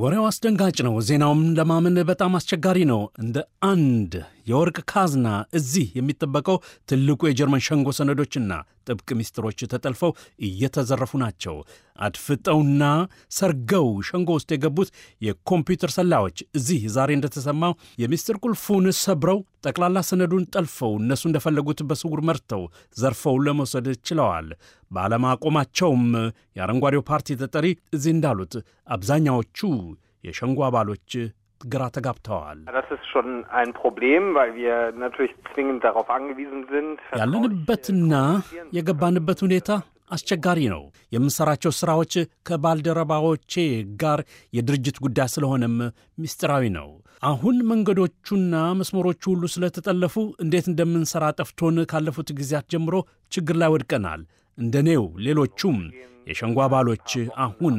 ወሬው አስደንጋጭ ነው። ዜናውም ለማመን በጣም አስቸጋሪ ነው። እንደ አንድ የወርቅ ካዝና እዚህ የሚጠበቀው ትልቁ የጀርመን ሸንጎ ሰነዶችና ጥብቅ ሚስጥሮች ተጠልፈው እየተዘረፉ ናቸው። አድፍጠውና ሰርገው ሸንጎ ውስጥ የገቡት የኮምፒውተር ሰላዮች እዚህ ዛሬ እንደተሰማው የሚስጥር ቁልፉን ሰብረው ጠቅላላ ሰነዱን ጠልፈው እነሱ እንደፈለጉት በስውር መርተው ዘርፈው ለመውሰድ ችለዋል። ባለማቆማቸውም የአረንጓዴው ፓርቲ ተጠሪ እዚህ እንዳሉት አብዛኛዎቹ የሸንጎ አባሎች ግራ ተጋብተዋል። ያለንበትና የገባንበት ሁኔታ አስቸጋሪ ነው። የምሠራቸው ሥራዎች ከባልደረባዎቼ ጋር የድርጅት ጉዳይ ስለሆነም ምስጢራዊ ነው። አሁን መንገዶቹና መስመሮቹ ሁሉ ስለተጠለፉ እንዴት እንደምንሠራ ጠፍቶን ካለፉት ጊዜያት ጀምሮ ችግር ላይ ወድቀናል። እንደኔው ሌሎቹም የሸንጎ አባሎች አሁን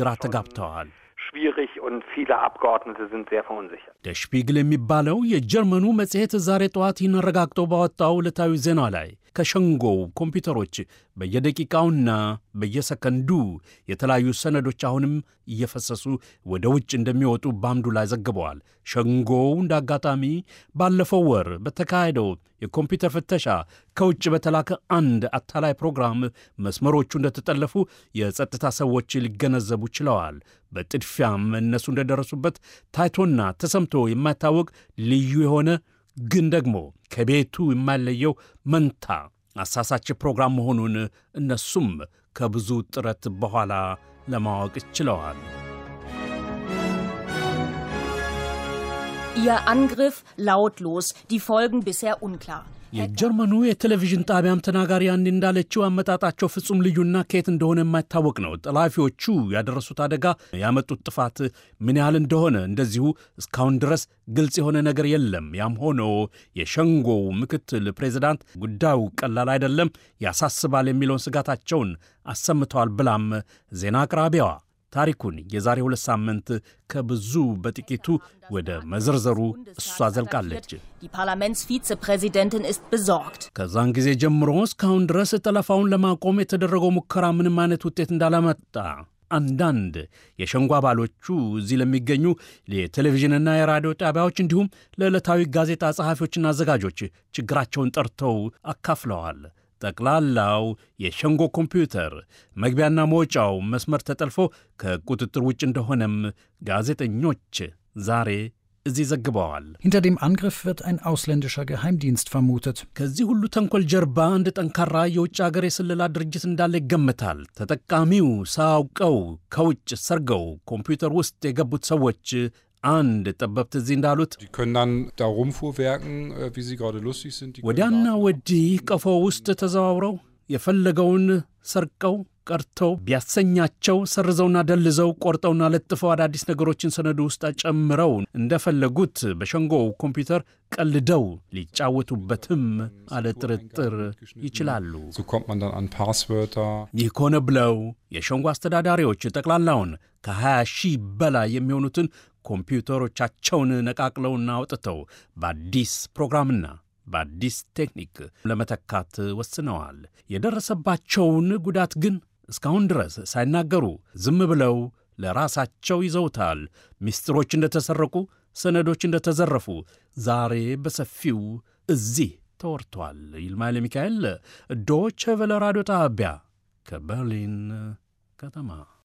ግራ ተጋብተዋል። schwierig und viele Abgeordnete sind sehr verunsichert። der Spiegel im Ballau, ihr ዛሬ ጠዋት ይህን አረጋግጦ ባወጣው Ragaktobat, ዜና ላይ ከሸንጎው ኮምፒውተሮች በየደቂቃውና በየሰከንዱ የተለያዩ ሰነዶች አሁንም እየፈሰሱ ወደ ውጭ እንደሚወጡ ባምዱላ ዘግበዋል። ሸንጎው እንደ አጋጣሚ ባለፈው ወር በተካሄደው የኮምፒውተር ፍተሻ ከውጭ በተላከ አንድ አታላይ ፕሮግራም መስመሮቹ እንደተጠለፉ የጸጥታ ሰዎች ሊገነዘቡ ችለዋል። በጥድፊያም እነሱ እንደደረሱበት ታይቶና ተሰምቶ የማይታወቅ ልዩ የሆነ ግን ደግሞ ከቤቱ የማይለየው መንታ አሳሳች ፕሮግራም መሆኑን እነሱም ከብዙ ጥረት በኋላ ለማወቅ ችለዋል። Ihr Angriff lautlos, die Folgen bisher unklar. የጀርመኑ የቴሌቪዥን ጣቢያም ተናጋሪ አንድ እንዳለችው አመጣጣቸው ፍጹም ልዩና ከየት እንደሆነ የማይታወቅ ነው። ጠላፊዎቹ ያደረሱት አደጋ ያመጡት ጥፋት ምን ያህል እንደሆነ እንደዚሁ እስካሁን ድረስ ግልጽ የሆነ ነገር የለም። ያም ሆኖ የሸንጎው ምክትል ፕሬዚዳንት ጉዳዩ ቀላል አይደለም፣ ያሳስባል የሚለውን ስጋታቸውን አሰምተዋል ብላም ዜና አቅራቢዋ ታሪኩን የዛሬ ሁለት ሳምንት ከብዙ በጥቂቱ ወደ መዘርዘሩ እሷ ዘልቃለች። ከዛን ጊዜ ጀምሮ እስካሁን ድረስ ጠለፋውን ለማቆም የተደረገው ሙከራ ምንም አይነት ውጤት እንዳላመጣ አንዳንድ የሸንጎ አባሎቹ እዚህ ለሚገኙ የቴሌቪዥንና የራዲዮ ጣቢያዎች እንዲሁም ለዕለታዊ ጋዜጣ ጸሐፊዎችና አዘጋጆች ችግራቸውን ጠርተው አካፍለዋል። ጠቅላላው የሸንጎ ኮምፒውተር መግቢያና መውጫው መስመር ተጠልፎ ከቁጥጥር ውጭ እንደሆነም ጋዜጠኞች ዛሬ እዚህ ዘግበዋል። ሂንተ ዴም አንግሪፍ አን ein ገሃይም ዲንስት vermutet። ከዚህ ሁሉ ተንኮል ጀርባ አንድ ጠንካራ የውጭ ሀገር የስለላ ድርጅት እንዳለ ይገምታል። ተጠቃሚው ሳያውቀው ከውጭ ሰርገው ኮምፒውተር ውስጥ የገቡት ሰዎች አንድ ጠበብት እዚህ እንዳሉት äh, ወዲያና ወዲህ ቀፎ ውስጥ ተዘዋውረው የፈለገውን ሰርቀው ቀርተው ቢያሰኛቸው ሰርዘውና ደልዘው ቆርጠውና ለጥፈው አዳዲስ ነገሮችን ሰነዱ ውስጥ ጨምረው እንደፈለጉት በሸንጎ ኮምፒውተር ቀልደው ሊጫወቱበትም አለ ጥርጥር ይችላሉ። ይህ ከሆነ ብለው የሸንጎ አስተዳዳሪዎች ጠቅላላውን ከ20 ሺህ በላይ የሚሆኑትን ኮምፒውተሮቻቸውን ነቃቅለውና አውጥተው በአዲስ ፕሮግራምና በአዲስ ቴክኒክ ለመተካት ወስነዋል። የደረሰባቸውን ጉዳት ግን እስካሁን ድረስ ሳይናገሩ ዝም ብለው ለራሳቸው ይዘውታል። ምስጢሮች እንደተሰረቁ፣ ሰነዶች እንደተዘረፉ ዛሬ በሰፊው እዚህ ተወርቷል። ይልማይል ሚካኤል ዶቸ ቨለ ራዲዮ ጣቢያ ከበርሊን ከተማ